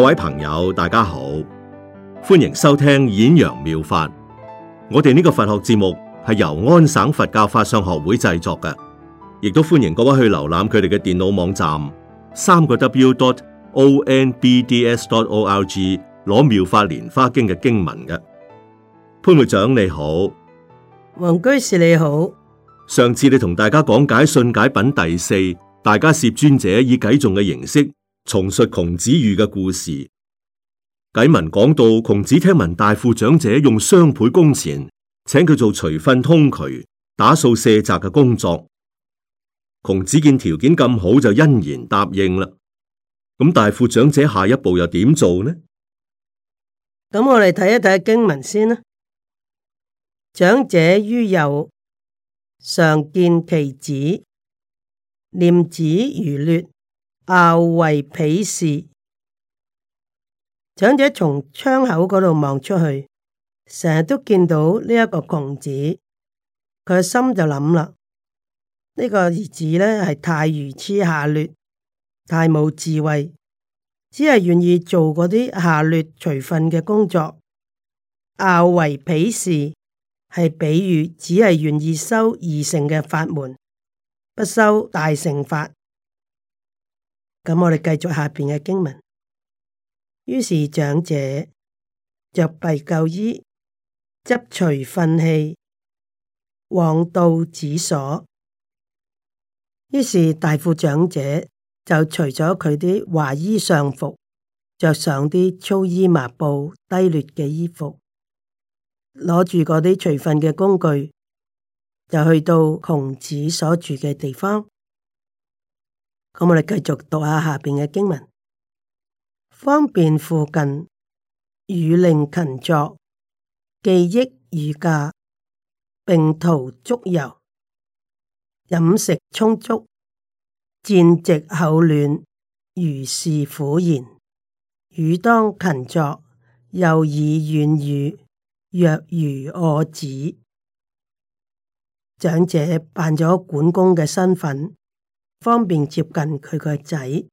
各位朋友，大家好，歡迎收聽演揚妙，妙法。我哋呢個佛學節目係由安省佛教法相學會製作嘅，亦都歡迎各位去瀏覽佢哋嘅電腦網站，三個 w.dot.o.n.b.d.s.dot.o.r.g 攞妙法蓮花經嘅經文嘅。潘會長你好，黃居士你好。上次你同大家講解信解品第四，大迦葉尊者以偈頌嘅形式。重述窮子遇嘅故事，偈文講到窮子聽聞大富長者用雙倍工錢請佢做除糞、通渠、打掃卸雜嘅工作，窮子見條件咁好就欣然答應啦。咁大富長者下一步又點做呢？咁我哋睇一睇經文先啦。長者於右，常見其子，念子如劣。傲、啊、為鄙視，長者從窗口嗰度望出去，成日都見到呢一個窮子，佢心就諗啦：呢、這個兒子呢，係太愚癡下劣，太冇智慧，只係願意做嗰啲下劣除糞嘅工作。傲、啊、為鄙視係比喻，只係願意修二乘嘅法門，不修大乘法。咁我哋繼續下邊嘅經文。於是長者着弊垢衣，執除糞器，往到子所。於是大富長者就除咗佢啲華衣上服，着上啲粗衣麻布低劣嘅衣服，攞住嗰啲除糞嘅工具，就去到窮子所住嘅地方。咁我哋繼續讀下，下邊嘅經文，方便附近，語令勤作，既益汝價，並塗足油，飲食充足，薦席厚暖，如是苦言，汝當勤作，又以軟語，若如我子。長者扮咗管工嘅身份。方便接近佢個仔，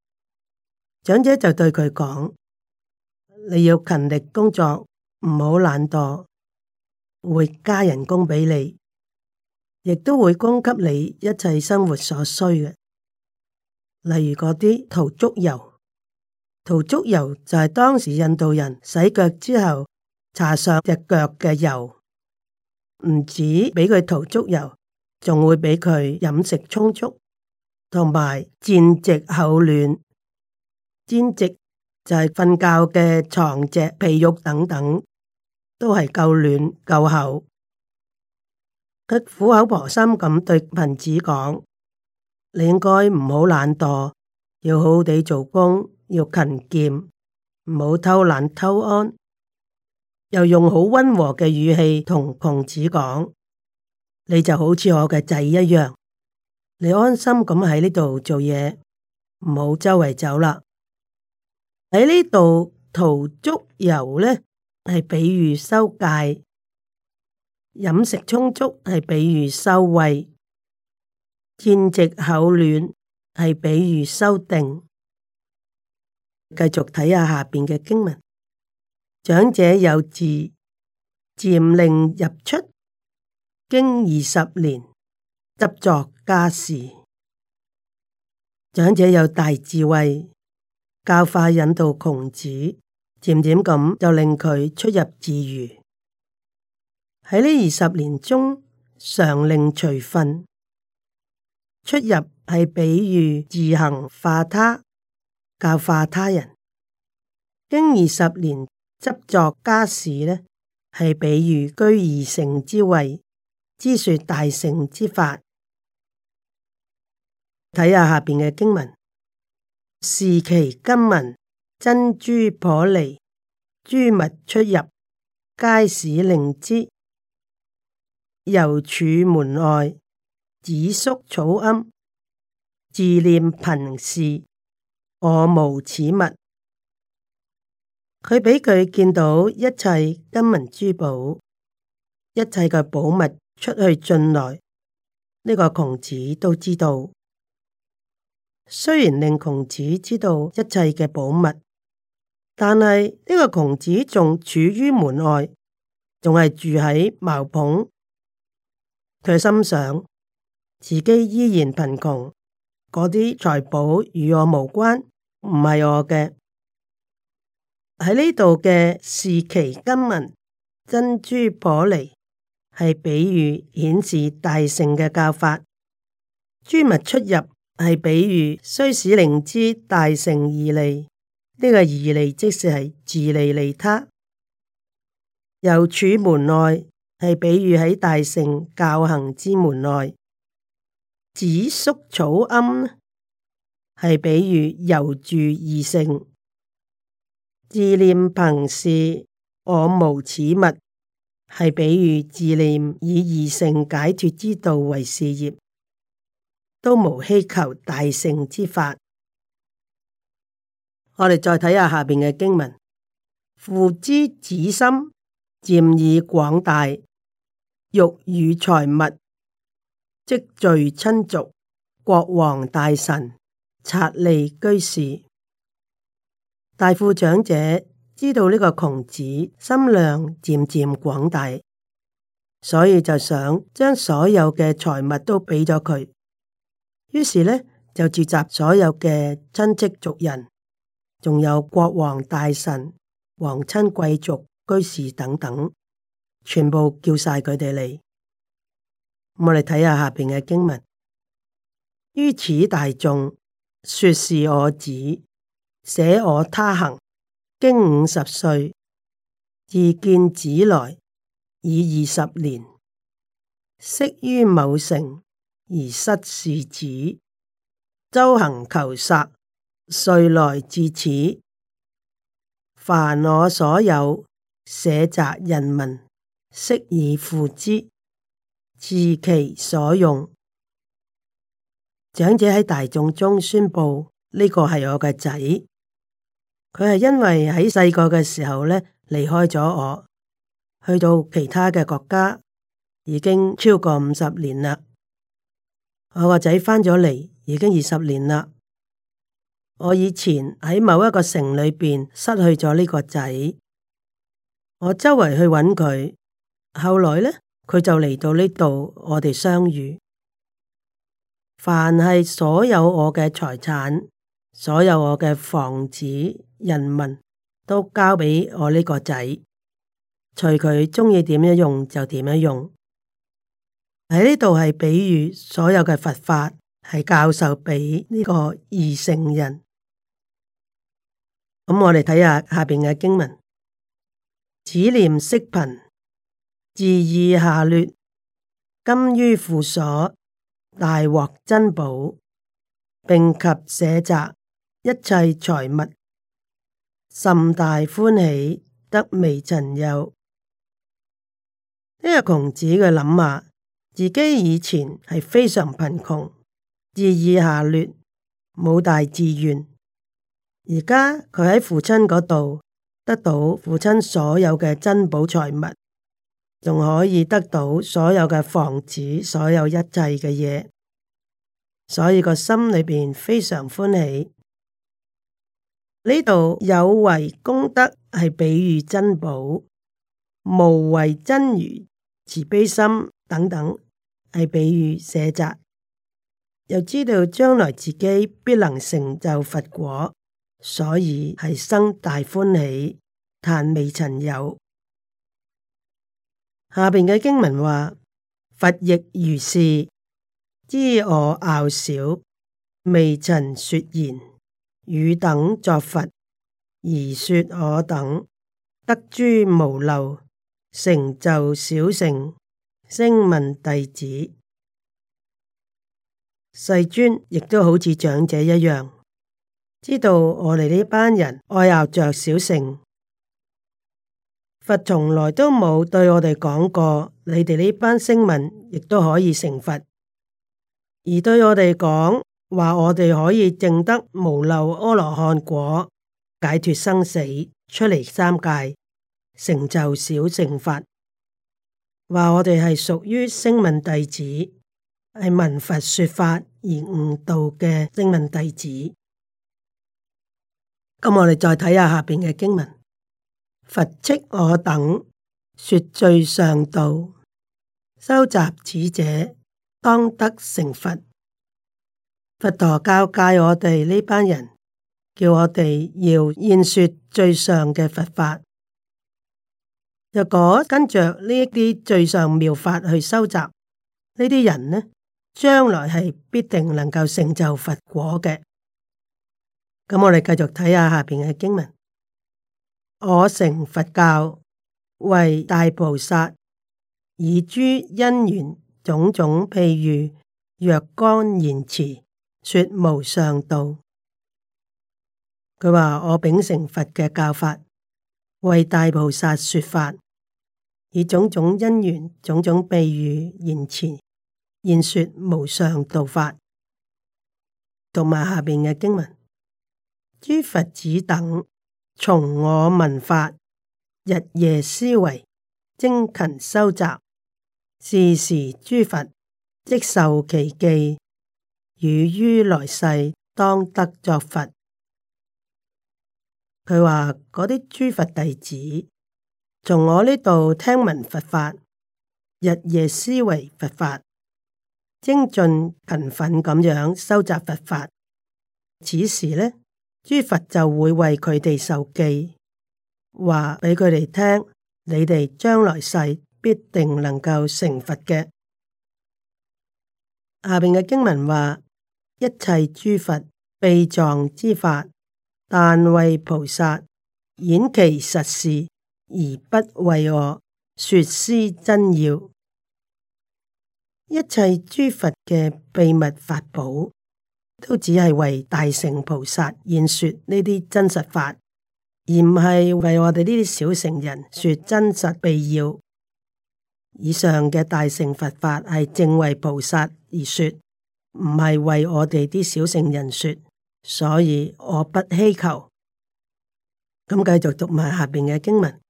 長者就對佢講：你要勤力工作，唔好懶惰，會加人工畀你，亦都會供給你一切生活所需嘅，例如嗰啲塗足油。塗足油就係當時印度人洗腳之後搽上隻腳嘅油，唔止畀佢塗足油，仲會畀佢飲食充足。同埋氈席厚暖，氈席就係瞓覺嘅床席被褥等等，都係夠暖夠厚。佢苦口婆心咁對貧子講：你應該唔好懶惰，要好好地做工，要勤儉，唔好偷懶偷安。又用好溫和嘅語氣同窮子講：你就好似我嘅仔一樣。你安心咁喺呢度做嘢，唔好周圍走喇。喺呢度塗足油呢係比喻修戒；飲食充足係比喻修慧；薦席厚暖係比喻修定。繼續睇下下邊嘅經文，長者有智，漸令入出，經二十年執作家事，長者有大智慧，教化引導窮子，漸漸咁就令佢出入自如。喺呢二十年中，常令隨訓出入，係比喻自行化他，教化他人。經二十年執作家事呢，係比喻居二乘之位，知說大乘之法。睇下下邊嘅經文，視其金文珍珠婆離珠物出入，皆使令之，猶處門外止宿草庵，自念貧事，我無此物。佢畀佢見到一切金文珠寶，一切嘅寶物出去進來，呢個窮子都知道。雖然令窮子知道一切嘅寶物，但係呢、這個窮子仲處於門外，仲係住喺茅棚。佢心想自己依然貧窮，嗰啲財寶與我無關，唔係我嘅。喺呢度嘅視其金文珍珠玻璃，係比喻顯示大聖嘅教法，諸物出入。係比喻，雖使令知大乘二利，呢、這個二利即是係自利利他，又處門內，係比喻喺大乘教行之門內，子宿草庵，係比喻由住二乘，自念貧事我無此物，係比喻自念以二乘解脫之道為事業。都無希求大乘之法。我哋再睇下下邊嘅經文：父知子心漸已廣大，欲與財物，即聚親族、國王、大臣、剎利居士、大富長者，知道呢個窮子心量漸漸廣大，所以就想將所有嘅財物都俾咗佢。於是呢，就召集所有嘅親戚族人，仲有國王大臣、皇親貴族、居士等等，全部叫晒佢哋嚟。我哋睇下下邊嘅經文。於此大眾說是我子，捨我他行，經五十歲自見子來，已二十年，昔於某城。而失是子，周行求殺，遂來至此。凡我所有，舍責人民，悉以付之，自其所用。長者喺大眾中宣布：呢個係我嘅仔，佢係因為喺細個嘅時候咧離開咗我，去到其他嘅國家，已經超過五十年啦。我個仔返咗嚟，已經二十年啦。我以前喺某一個城裏邊失去咗呢個仔，我周圍去揾佢，後來呢，佢就嚟到呢度，我哋相遇。凡係所有我嘅財產，所有我嘅房子、人民，都交畀我呢個仔，隨佢鍾意點樣用就點樣用。喺呢度係比喻所有嘅佛法係教授畀呢個二乘人。咁我哋睇下下邊嘅經文：此念昔貧，志意下劣，今於父所大獲珍寶，并及舍宅一切財物，甚大歡喜，得未曾有。呢、這個窮子嘅諗法。自己以前係非常貧窮，志意下劣，冇大志願。而家佢喺父親嗰度得到父親所有嘅珍寶財物，仲可以得到所有嘅房子，所有一切嘅嘢，所以個心裏邊非常歡喜。呢度有為功德係比喻珍寶，無為真如慈悲心等等。係比喻舍宅，又知道將來自己必能成就佛果，所以係生大歡喜，但未曾有。下邊嘅經文話：佛亦如是，知我樂小，未曾說言汝等作佛，而說我等得諸無漏，成就小乘。聲聞弟子，世尊亦都好似長者一樣，知道我哋呢班人愛游着小乘，佛從來都冇對我哋講過，你哋呢班聲聞亦都可以成佛，而對我哋講，話我哋可以證得無漏阿羅漢果，解脫生死，出離三界，成就小乘法。話我哋係屬於聲聞弟子，係聞佛說法而悟道嘅聲聞弟子。咁我哋再睇下下邊嘅經文：佛敕我等說最上道，修習此者當得成佛。佛陀教誡我哋呢班人，叫我哋要演說最上嘅佛法。若果跟着呢一啲最上妙法去收集呢啲人呢，將來係必定能夠成就佛果嘅。咁我哋繼續睇下下邊嘅經文：我成佛教為大菩薩，以諸因緣種種譬喻若干言辭說無上道。佢話我秉承佛嘅教法，為大菩薩說法。以種種因緣，種種譬喻，言辭言說無上道法，同埋下邊嘅經文，諸佛子等從我聞法，日夜思維，精勤修習，是時諸佛即受其記，汝於來世當得作佛。佢話嗰啲諸佛弟子。從我呢度聽聞佛法，日夜思維佛法，精進勤奮咁樣收集佛法。此時呢，諸佛就會為佢哋授記，話畀佢哋聽：你哋將來世必定能夠成佛嘅。下邊嘅經文話：一切諸佛秘藏之法，但為菩薩演其實事。而不為我說斯真要，一切諸佛嘅秘密法寶都只係為大乘菩薩現說呢啲真實法，而唔係為我哋呢啲小乘人說真實必要。以上嘅大乘佛法係正為菩薩而說，唔係為我哋啲小乘人說，所以我不希求。咁繼續讀埋下邊嘅經文。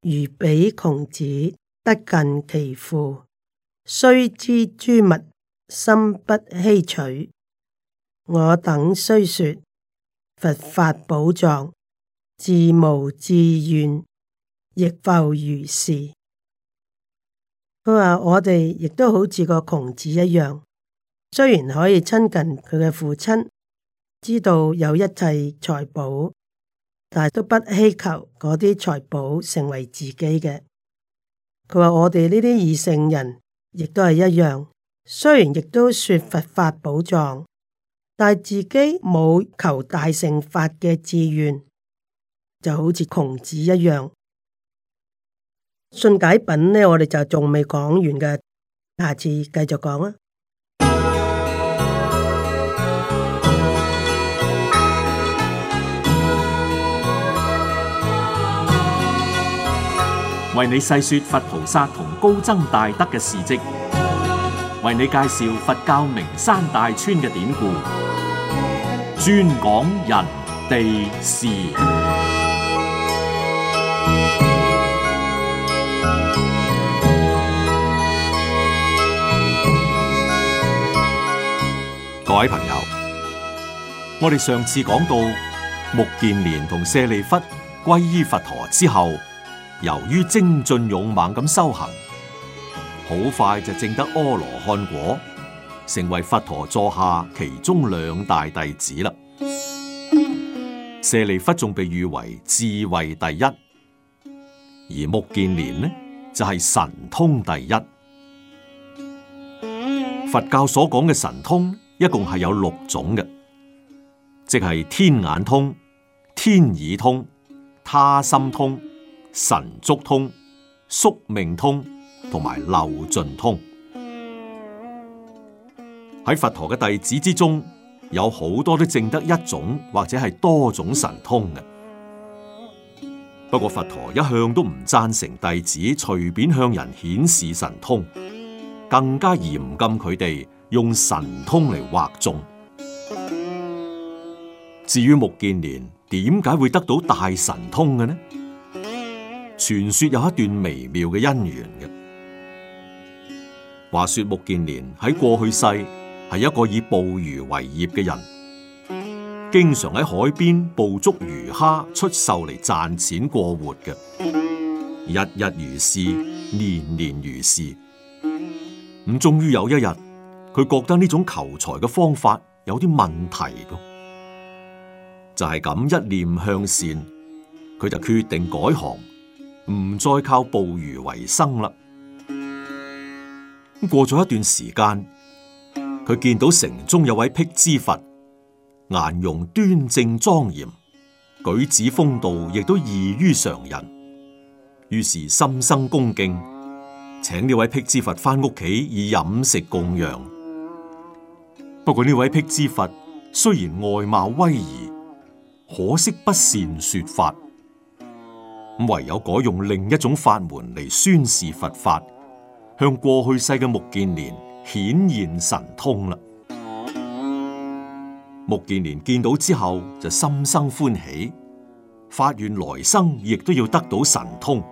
如彼窮子得近其父，雖知諸物，心不希取。我等雖說佛法寶藏，自無自願，亦復如是。佢話我哋亦都好似個窮子一樣，雖然可以親近佢嘅父親，知道有一切財寶。但係都不希求嗰啲財寶成為自己嘅。佢話我哋呢啲二乘人亦都係一樣，雖然亦都說佛法寶藏，但係自己冇求大乘法嘅志願，就好似窮子一樣。信解品呢，我哋就仲未講完嘅，下次繼續講啊。為你細說佛菩薩同高僧大德嘅事迹，為你介紹佛教名山大川嘅典故，專講人地事。各位朋友，我哋上次講到目犍連同舍利弗皈依佛陀之後。由於精進勇猛咁修行，好快就證得阿羅漢果，成為佛陀座下其中兩大弟子啦。舍利弗仲被譽為智慧第一，而目犍連呢就係神通第一。佛教所講嘅神通一共係有六種嘅，即係天眼通、天耳通、他心通。神足通、宿命通同埋漏盡通，喺佛陀嘅弟子之中，有好多都淨得一種或者係多種神通嘅。不過佛陀一向都唔贊成弟子隨便向人顯示神通，更加嚴禁佢哋用神通嚟惑眾。至於目犍連點解會得到大神通嘅呢？傳說有一段微妙嘅因緣嘅。話說目犍連喺過去世係一個以捕魚為業嘅人，經常喺海邊捕捉魚蝦出售嚟賺錢過活嘅。日日如是，年年如是。咁終於有一日，佢覺得呢種求財嘅方法有啲問題，就係咁一念向善，佢就決定改行。唔再靠捕魚為生啦。咁過咗一段時間，佢見到城中有位辟支佛，顏容端正莊嚴，舉止風度亦都異於常人，於是心生恭敬，請呢位辟支佛返屋企以飲食供養。不過呢位辟支佛雖然外貌威儀，可惜不善說法。唯有改用另一種法門嚟宣示佛法，向過去世嘅目犍連顯現神通啦。目犍連見到之後就心生歡喜，發願來生亦都要得到神通。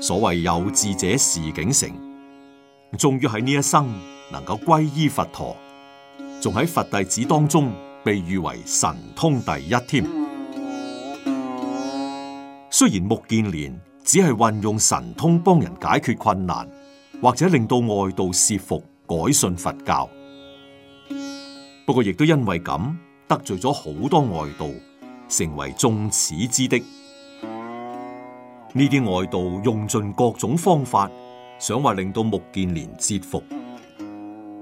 所謂有志者事竟成，終於喺呢一生能夠皈依佛陀，仲喺佛弟子當中被譽為神通第一添。雖然目犍連只係運用神通幫人解決困難，或者令到外道懾服，改信佛教，不過亦都因為咁得罪咗好多外道，成為眾矢之的。呢啲外道用盡各種方法，想話令到目犍連折服，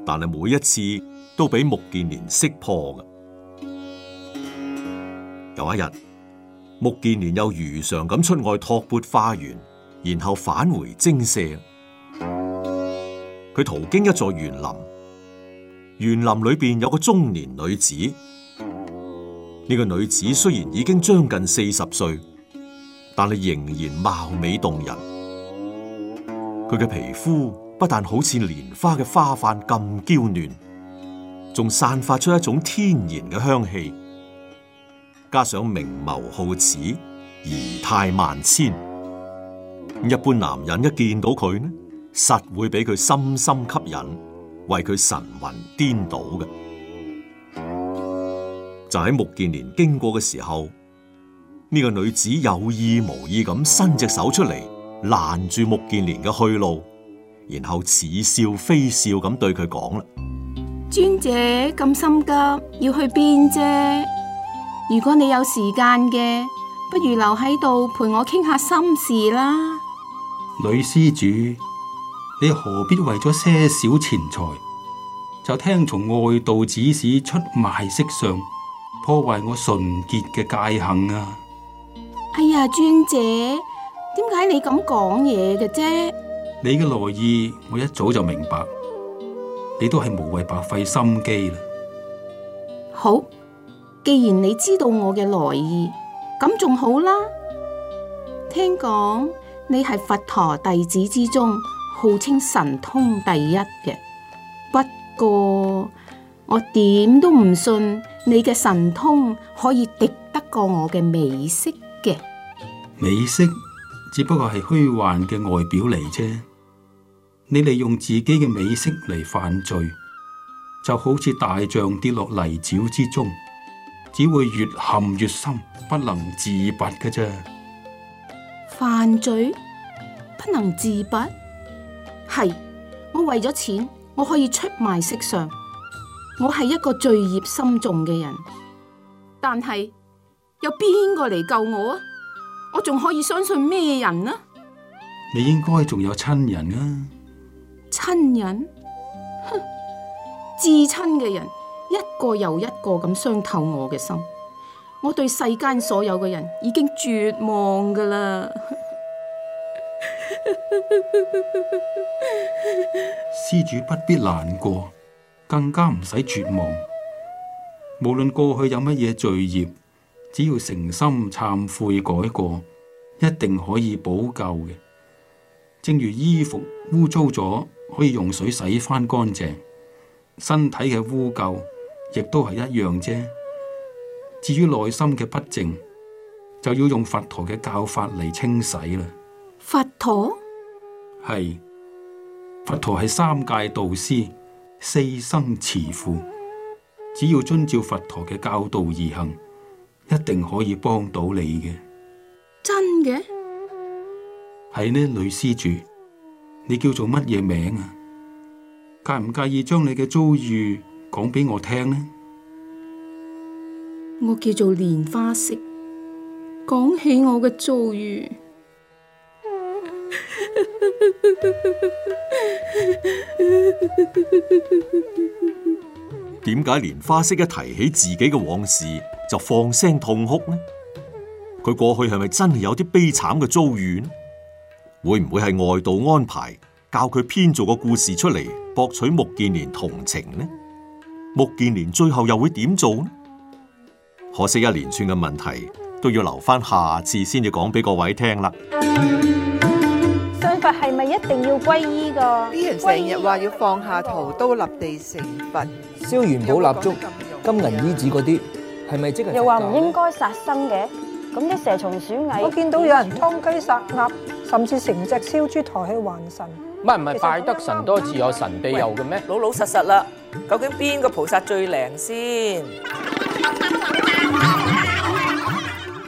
但係每一次都俾目犍連識破嘅。有一日。目犍連又如常咁出外托缽化緣，然後返回精舍。佢途經一座園林，園林裏邊有個中年女子。呢、這個女子雖然已經將近四十歲，但係仍然貌美動人。佢嘅皮膚不但好似蓮花嘅花瓣咁嬌嫩，仲散發出一種天然嘅香氣。加上明眸皓齒、儀態萬千，一般男人一見到佢呢，實會俾佢深深吸引，為佢神魂顛倒嘅。 就喺目犍連經過嘅時候，呢 個女子有意無意咁伸隻手出嚟攔住目犍連嘅去路，然後似笑非笑咁對佢講啦，尊者咁心急要去邊啫？如果你有時間嘅，不如留喺度陪我傾下心事啦。女施主，你何必為咗些少錢財，就聽從外道指使出賣色相，破壞我純潔嘅戒行啊？哎呀，尊者，點解你咁講嘢嘅啫？你嘅來意我一早就明白，你都係無謂白費心機啦。好。既然你知道我嘅來意，咁仲好啦。聽講你係佛陀弟子之中，號稱神通第一嘅。不過我點都唔信你嘅神通可以敵得過我嘅美色嘅。美色只不過係虛幻嘅外表嚟啫。你利用自己嘅美色嚟犯罪，就好似大象跌落泥沼之中，只會越陷越深，不能自拔嘅啫。犯罪不能自拔，係我為咗錢，我可以出賣色相。我係一個罪孽深重嘅人，但係有邊個嚟救我啊？我仲可以相信咩人啊？你應該仲有親人啊！親人，哼，至親嘅人。一個又一個咁傷透我嘅心，我對世間所有嘅人已經絕望噶啦。施 主不必難過，更加唔使絕望。無論過去有乜嘢罪業，只要誠心懺悔改過，一定可以補救嘅。正如衣服污糟咗，可以用水洗翻乾淨，身體嘅污垢。亦都係一樣啫。至於內心嘅不淨，就要用佛陀嘅教法嚟清洗啦。佛陀？係，佛陀係三界導師，四生慈父。只要遵照佛陀嘅教導而行，一定可以幫到你嘅。真嘅？係呢，女施主，你叫做乜嘢名啊？介唔介意將你嘅遭遇？講俾我聽呢？我叫做蓮花色。講起我嘅遭遇，點解蓮花色一提起自己嘅往事就放聲痛哭呢？佢過去係咪真係有啲悲慘嘅遭遇呢？會唔會係外道安排教佢編造個故事出嚟博取目犍連同情呢？目犍連最後又會點做呢？可惜一連串嘅問題都要留翻下次先至講俾各位聽啦。信佛係咪一定要皈依噶？啲人成日話要放下屠刀立地成佛，燒元寶蠟燭、金銀衣紙嗰啲，係咪即係？又話唔應該殺生嘅，咁啲蛇蟲鼠蟻，我見到有人湯雞殺鴨，甚至成隻燒豬抬去還神。唔係唔係，拜得神多自有神庇佑嘅咩？喂老老實實啦。究竟邊個菩薩最靈先？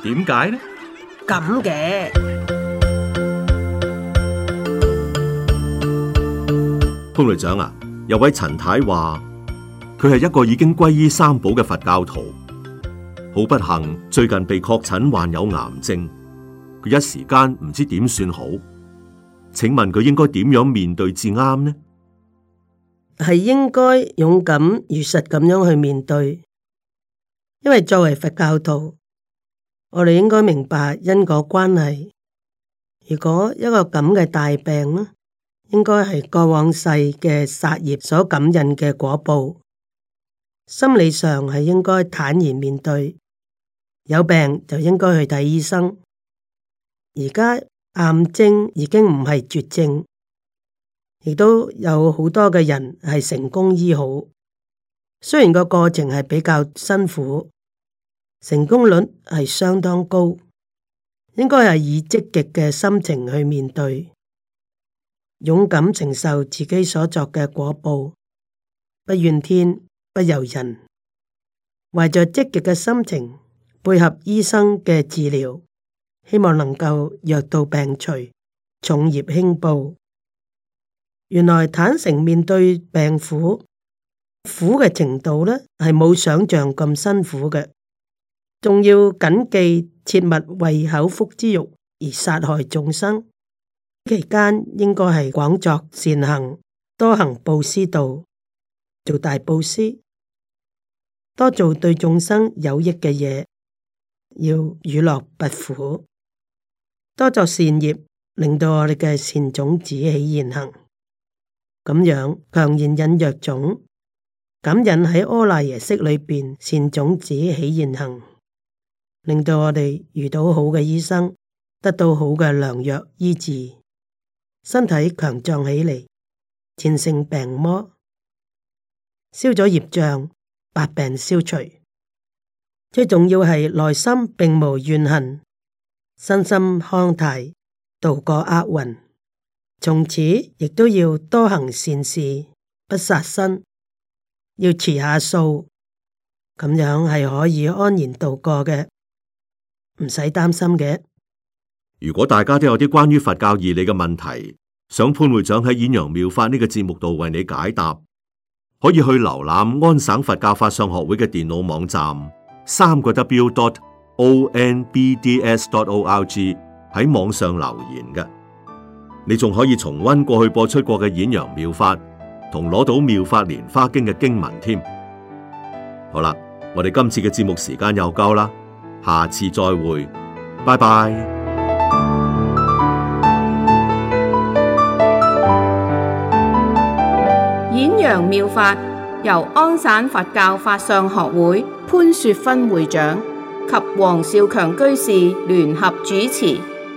點解呢？咁嘅潘隊長啊，有位陳太話佢係一個已經皈依三寶嘅佛教徒，好不幸最近被確診患有癌症，佢一時間唔知點算好，請問佢應該點樣面對至啱呢？係應該勇敢如實咁樣去面對，因為作為佛教徒，我哋應該明白因果關係。如果一個咁嘅大病啦，應該係過往世嘅殺業所感應嘅果報。心理上係應該坦然面對，有病就應該去睇醫生。而家癌症已經唔係絕症。亦都有好多嘅人係成功醫好，雖然個過程係比較辛苦，成功率係相當高，應該係以積極嘅心情去面對，勇敢承受自己所作嘅果報，不怨天不尤人，懷着積極嘅心情配合醫生嘅治療，希望能夠藥到病除，重業輕報。原來坦誠面對病苦，苦嘅程度呢，係冇想象咁辛苦嘅。仲要謹記切勿為口腹之欲而殺害眾生。期間應該係廣作善行，多行布施道，做大布施，多做對眾生有益嘅嘢，要與樂不苦，多做善業，令到我哋嘅善種子起現行。咁樣強然引藥種，咁引喺阿賴耶識裏邊善種子起現行，令到我哋遇到好嘅醫生，得到好嘅良藥醫治，身體強壯起嚟，戰勝病魔，消咗業障，百病消除。最重要係內心並無怨恨，身心康泰，度過厄運。從此亦都要多行善事，不殺生，要持下素，咁樣係可以安然度過嘅，唔使擔心嘅。如果大家都有啲關於佛教義理嘅問題，想潘會長喺《演揚妙法》呢個節目度為你解答，可以去瀏覽安省佛教法相學會嘅電腦網站，三個 w dot o n b d s dot o r g 喺網上留言嘅。你仲可以重溫過去播出過嘅演揚妙法，同攞到妙法蓮華經嘅經文添。好啦，我哋今次嘅節目時間又夠啦，下次再會，拜拜。演揚妙法由安省佛教法相學會潘雪芬會長及黃少強居士聯合主持。